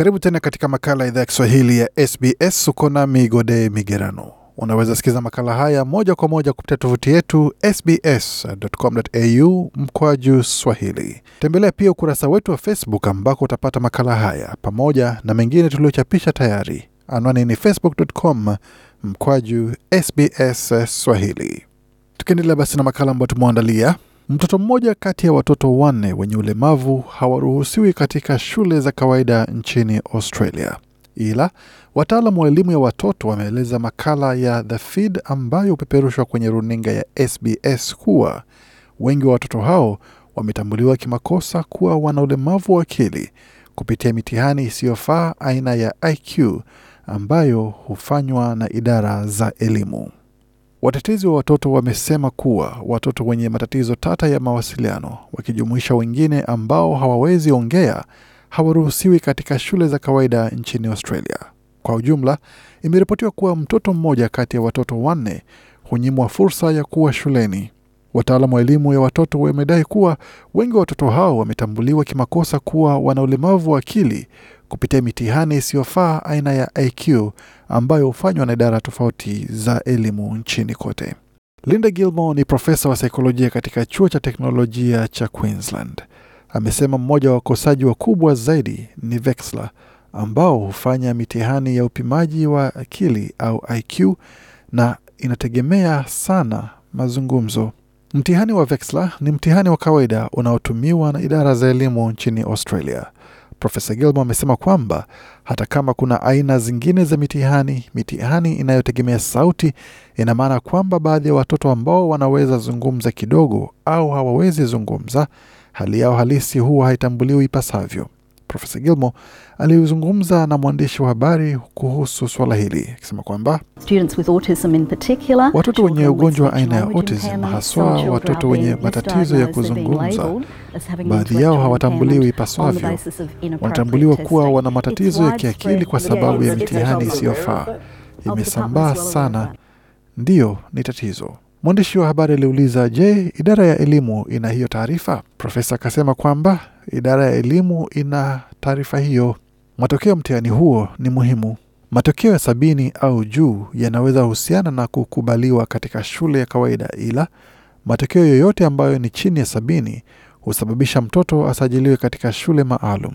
Karibu tena katika makala ya idhaa ya Kiswahili ya SBS. Uko na Gode Migerano. Unaweza sikiza makala haya moja kwa moja kupitia tovuti yetu sbs.com.au mkwaju swahili. Tembelea pia ukurasa wetu wa Facebook ambako utapata makala haya pamoja na mengine tuliochapisha tayari. Anwani ni facebook.com mkwaju sbs swahili. Tukiendelea basi na makala ambayo tumeandalia Mtoto mmoja kati ya watoto wanne wenye ulemavu hawaruhusiwi katika shule za kawaida nchini Australia, ila wataalam wa elimu ya watoto wameeleza makala ya The Feed ambayo hupeperushwa kwenye runinga ya SBS kuwa wengi wa watoto hao wametambuliwa kimakosa kuwa wana ulemavu wa akili kupitia mitihani isiyofaa aina ya IQ ambayo hufanywa na idara za elimu. Watetezi wa watoto wamesema kuwa watoto wenye matatizo tata ya mawasiliano wakijumuisha wengine ambao hawawezi ongea hawaruhusiwi katika shule za kawaida nchini Australia. Kwa ujumla, imeripotiwa kuwa mtoto mmoja kati ya watoto wanne hunyimwa fursa ya kuwa shuleni. Wataalamu wa elimu ya watoto wamedai kuwa wengi wa watoto hao wametambuliwa kimakosa kuwa wana ulemavu wa akili kupitia mitihani isiyofaa aina ya IQ ambayo hufanywa na idara tofauti za elimu nchini kote. Linda Gilmore ni profesa wa saikolojia katika chuo cha teknolojia cha Queensland. Amesema mmoja wa wakosaji wakubwa zaidi ni Vexla ambao hufanya mitihani ya upimaji wa akili au IQ na inategemea sana mazungumzo. Mtihani wa Vexla ni mtihani wa kawaida unaotumiwa na idara za elimu nchini Australia. Profesa Gilmo amesema kwamba hata kama kuna aina zingine za mitihani, mitihani inayotegemea sauti ina maana kwamba baadhi ya watoto ambao wanaweza zungumza kidogo au hawawezi zungumza, hali yao halisi huwa haitambuliwi ipasavyo. Profesa gilmo aliyezungumza na mwandishi wa habari kuhusu swala hili akisema kwamba watoto wenye ugonjwa aina ya autism, haswa watoto wenye matatizo ya kuzungumza, baadhi yao hawatambuliwi ipasavyo. Wanatambuliwa kuwa wana matatizo ya kiakili kwa sababu ya mitihani isiyofaa. Imesambaa sana, ndiyo ni tatizo. Mwandishi wa habari aliuliza, je, idara ya elimu ina hiyo taarifa? Profesa akasema kwamba idara ya elimu ina taarifa hiyo. Matokeo mtihani huo ni muhimu. Matokeo ya sabini au juu yanaweza husiana na kukubaliwa katika shule ya kawaida, ila matokeo yoyote ambayo ni chini ya sabini husababisha mtoto asajiliwe katika shule maalum.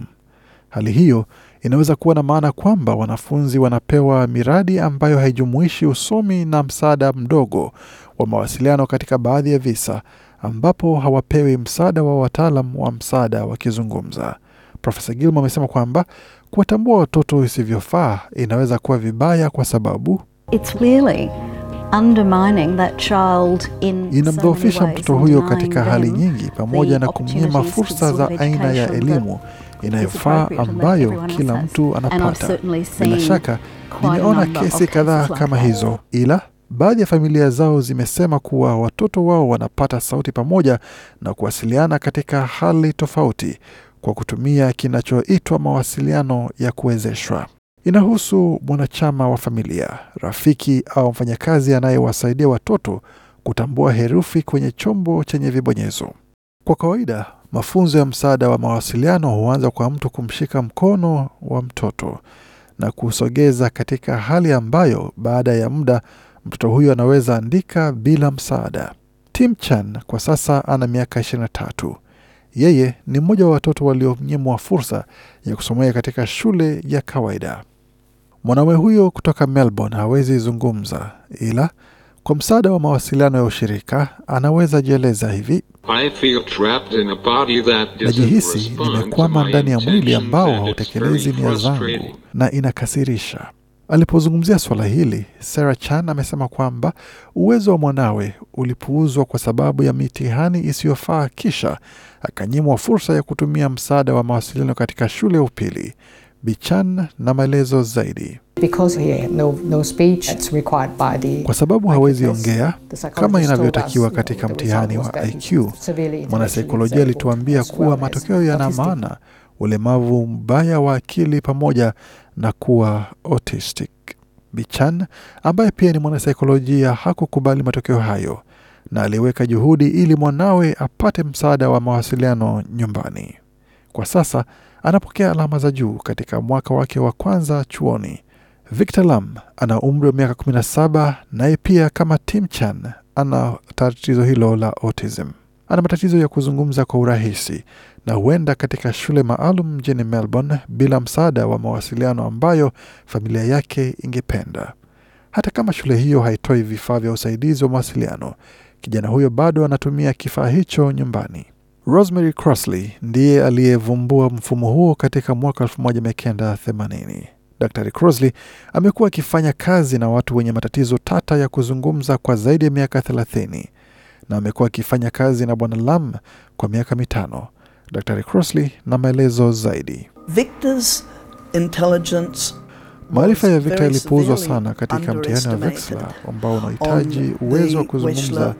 Hali hiyo inaweza kuwa na maana kwamba wanafunzi wanapewa miradi ambayo haijumuishi usomi na msaada mdogo wa mawasiliano katika baadhi ya visa ambapo hawapewi msaada wa wataalam wa msaada wakizungumza. Profesa Gilmore amesema kwamba kuwatambua watoto isivyofaa inaweza kuwa vibaya kwa sababu It's really inamdhoofisha mtoto huyo katika hali nyingi, pamoja na kumnyima fursa za aina ya elimu inayofaa ambayo kila mtu anapata. Bila shaka nimeona kesi kadhaa kama hizo, ila Baadhi ya familia zao zimesema kuwa watoto wao wanapata sauti pamoja na kuwasiliana katika hali tofauti kwa kutumia kinachoitwa mawasiliano ya kuwezeshwa. Inahusu mwanachama wa familia, rafiki au mfanyakazi anayewasaidia watoto kutambua herufi kwenye chombo chenye vibonyezo. Kwa kawaida, mafunzo ya msaada wa mawasiliano huanza kwa mtu kumshika mkono wa mtoto na kusogeza katika hali ambayo baada ya muda Mtoto huyo anaweza andika bila msaada. Tim Chan kwa sasa ana miaka 23. Yeye ni mmoja wa watoto walionyimwa fursa ya kusomea katika shule ya kawaida. mwanaume huyo kutoka Melbourne hawezi zungumza, ila kwa msaada wa mawasiliano ya ushirika anaweza jieleza hivi: najihisi nimekwama ndani ya mwili ambao hautekelezi nia zangu na inakasirisha. Alipozungumzia suala hili, Sarah Chan amesema kwamba uwezo wa mwanawe ulipuuzwa kwa sababu ya mitihani isiyofaa, kisha akanyimwa fursa ya kutumia msaada wa mawasiliano katika shule ya upili. Bichan na maelezo zaidi. No, no speech, the, kwa sababu hawezi ongea kama inavyotakiwa katika mtihani wa IQ. Mwanasaikolojia alituambia kuwa matokeo yana maana ulemavu mbaya wa akili pamoja na kuwa autistic. Bichan ambaye pia ni mwanasaikolojia hakukubali matokeo hayo na aliweka juhudi ili mwanawe apate msaada wa mawasiliano nyumbani. Kwa sasa anapokea alama za juu katika mwaka wake wa kwanza chuoni. Victor Lam ana umri wa miaka 17 naye pia kama Tim Chan ana tatizo hilo la autism ana matatizo ya kuzungumza kwa urahisi na huenda katika shule maalum mjini Melbourne bila msaada wa mawasiliano ambayo familia yake ingependa. Hata kama shule hiyo haitoi vifaa vya usaidizi wa mawasiliano, kijana huyo bado anatumia kifaa hicho nyumbani. Rosemary Crossley ndiye aliyevumbua mfumo huo katika mwaka 1980. Dr. Crossley amekuwa akifanya kazi na watu wenye matatizo tata ya kuzungumza kwa zaidi ya miaka 30 na amekuwa akifanya kazi na Bwana Lam kwa miaka mitano. dr Crossley na maelezo zaidi. Victor's intelligence maarifa ya Victor yalipuuzwa sana katika mtihani wa vexla ambao unahitaji uwezo wa kuzungumza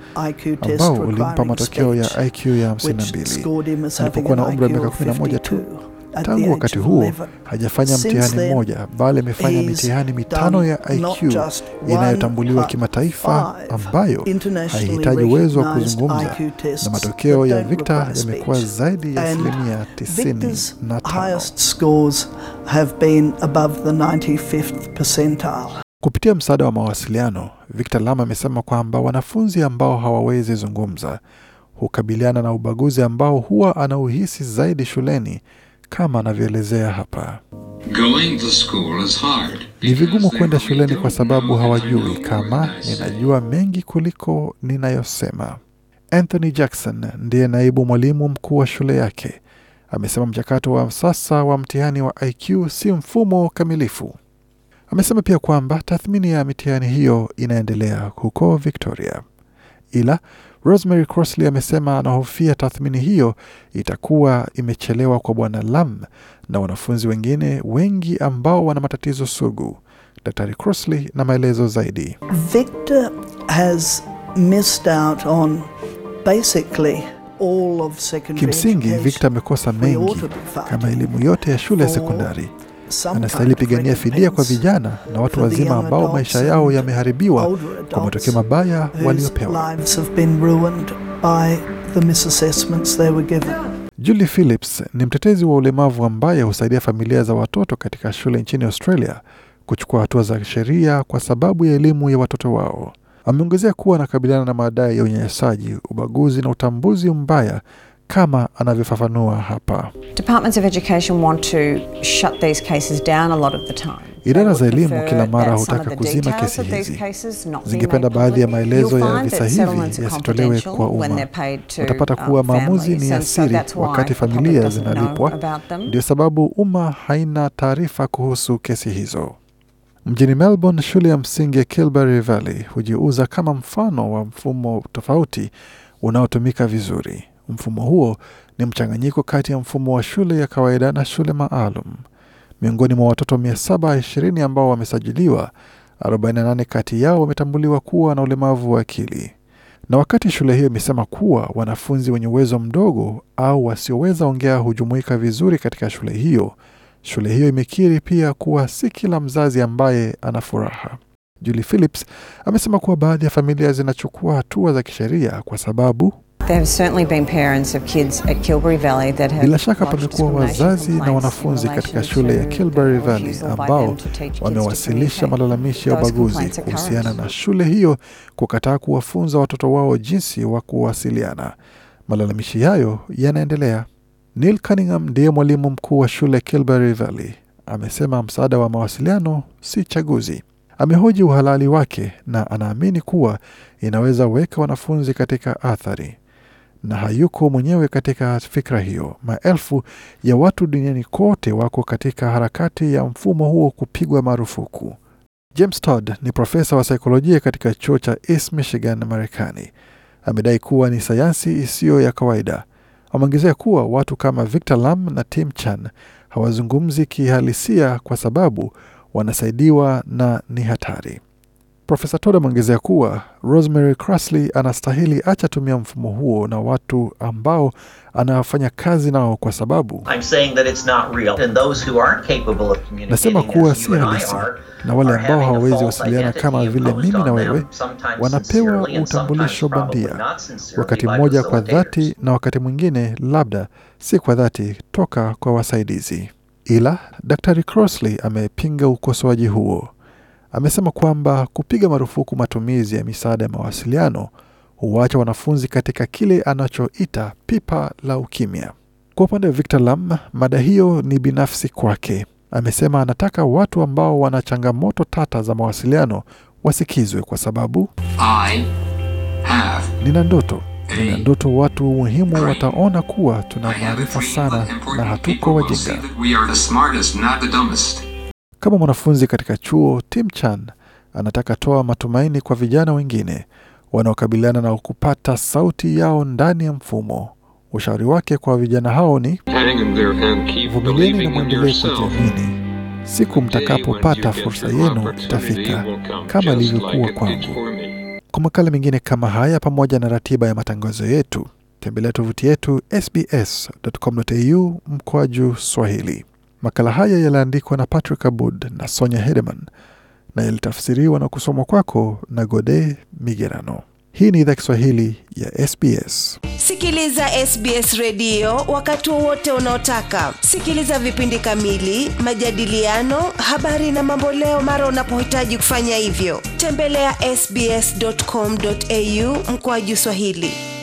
ambao ulimpa matokeo ya IQ ya 52 alipokuwa na umri wa miaka 11 tu. Tangu wakati huo hajafanya mtihani mmoja, bali amefanya mitihani mitano ya IQ inayotambuliwa kimataifa ambayo haihitaji uwezo wa kuzungumza, na matokeo ya Victor yamekuwa zaidi ya asilimia 95. Kupitia msaada wa mawasiliano, Victor Lama amesema kwamba wanafunzi ambao hawawezi zungumza hukabiliana na ubaguzi ambao huwa anauhisi zaidi shuleni kama anavyoelezea hapa. Ni vigumu kwenda shuleni kwa sababu hawajui kama ninajua mengi kuliko ninayosema. Anthony Jackson ndiye naibu mwalimu mkuu wa shule yake. Amesema mchakato wa sasa wa mtihani wa IQ si mfumo kamilifu. Amesema pia kwamba tathmini ya mitihani hiyo inaendelea huko Victoria, ila Rosemary Crossley amesema anahofia tathmini hiyo itakuwa imechelewa kwa Bwana Lam na wanafunzi wengine wengi ambao wana matatizo sugu. Daktari Crossley na maelezo zaidi. Victor has missed out on basically all of secondary. Kimsingi Victor amekosa mengi kama elimu yote ya shule ya sekondari anastahili pigania fidia kwa vijana na watu wazima ambao maisha yao yameharibiwa kwa matokeo mabaya waliopewa. Julie Phillips ni mtetezi wa ulemavu ambaye husaidia familia za watoto katika shule nchini Australia kuchukua hatua za sheria kwa sababu ya elimu ya watoto wao. Ameongezea kuwa anakabiliana na, madai maadai ya unyanyasaji, ubaguzi na utambuzi mbaya kama anavyofafanua hapa. Idara za elimu kila mara hutaka kuzima kesi hizi, zingependa baadhi ya maelezo ya visa hivi yasitolewe kwa umma. Utapata um, kuwa maamuzi ni ya siri wakati familia zinalipwa, ndio sababu umma haina taarifa kuhusu kesi hizo. Mjini Melbourne, shule ya msingi ya Kilberry Valley hujiuza kama mfano wa mfumo tofauti unaotumika vizuri. Mfumo huo ni mchanganyiko kati ya mfumo wa shule ya kawaida na shule maalum. Miongoni mwa watoto 720 ambao wamesajiliwa, 48 kati yao wametambuliwa kuwa na ulemavu wa akili. Na wakati shule hiyo imesema kuwa wanafunzi wenye uwezo mdogo au wasioweza ongea hujumuika vizuri katika shule hiyo, shule hiyo imekiri pia kuwa si kila mzazi ambaye ana furaha. Julie Phillips amesema kuwa baadhi ya familia zinachukua hatua za kisheria kwa sababu bila shaka palikuwa wazazi na wanafunzi katika shule ya Kilbury Valley ambao wamewasilisha malalamishi ya ubaguzi kuhusiana na shule hiyo kukataa kuwafunza watoto wao jinsi wa kuwasiliana. Malalamishi hayo yanaendelea. Neil Cunningham ndiye mwalimu mkuu wa shule kilbury Valley, amesema msaada wa mawasiliano si chaguzi. Amehoji uhalali wake na anaamini kuwa inaweza weka wanafunzi katika athari na hayuko mwenyewe katika fikra hiyo. Maelfu ya watu duniani kote wako katika harakati ya mfumo huo kupigwa marufuku. James Todd ni profesa wa saikolojia katika chuo cha East Michigan, Marekani. Amedai kuwa ni sayansi isiyo ya kawaida. Ameongezea kuwa watu kama Victor Lam na Tim Chan hawazungumzi kihalisia kwa sababu wanasaidiwa na ni hatari. Profesa Todd ameongezea kuwa Rosemary Crassley anastahili acha tumia mfumo huo na watu ambao anafanya kazi nao, kwa sababu nasema kuwa si halisi na wale ambao hawawezi wasiliana kama vile mimi na wewe wanapewa utambulisho bandia, wakati mmoja kwa dhati na wakati mwingine labda si kwa dhati, toka kwa wasaidizi. Ila dr Crossley amepinga ukosoaji huo amesema kwamba kupiga marufuku matumizi ya misaada ya mawasiliano huwaacha wanafunzi katika kile anachoita pipa la ukimya. Kwa upande wa Victor Lam, mada hiyo ni binafsi kwake. Amesema anataka watu ambao wana changamoto tata za mawasiliano wasikizwe, kwa sababu nina ndoto nina ndoto watu muhimu wataona kuwa tuna maarifa sana na hatuko wajinga. Kama mwanafunzi katika chuo, Tim Chan anataka toa matumaini kwa vijana wengine wanaokabiliana na kupata sauti yao ndani ya mfumo. Ushauri wake kwa vijana hao ni vumilieni na mwendelee kujiamini. Siku mtakapopata fursa yenu itafika, kama ilivyokuwa kwangu. Kwa makala mengine kama haya, pamoja na ratiba ya matangazo yetu, tembelea tovuti yetu sbs.com.au mkoaju Swahili. Makala haya yaliandikwa na Patrick Abud na Sonya Hedeman na yalitafsiriwa na kusomwa kwako na Gode Migerano. Hii ni idhaa Kiswahili ya SBS. Sikiliza SBS redio wakati wowote unaotaka. Sikiliza vipindi kamili, majadiliano, habari na mamboleo mara unapohitaji kufanya hivyo. Tembelea ya sbs.com.au mkoaju Swahili.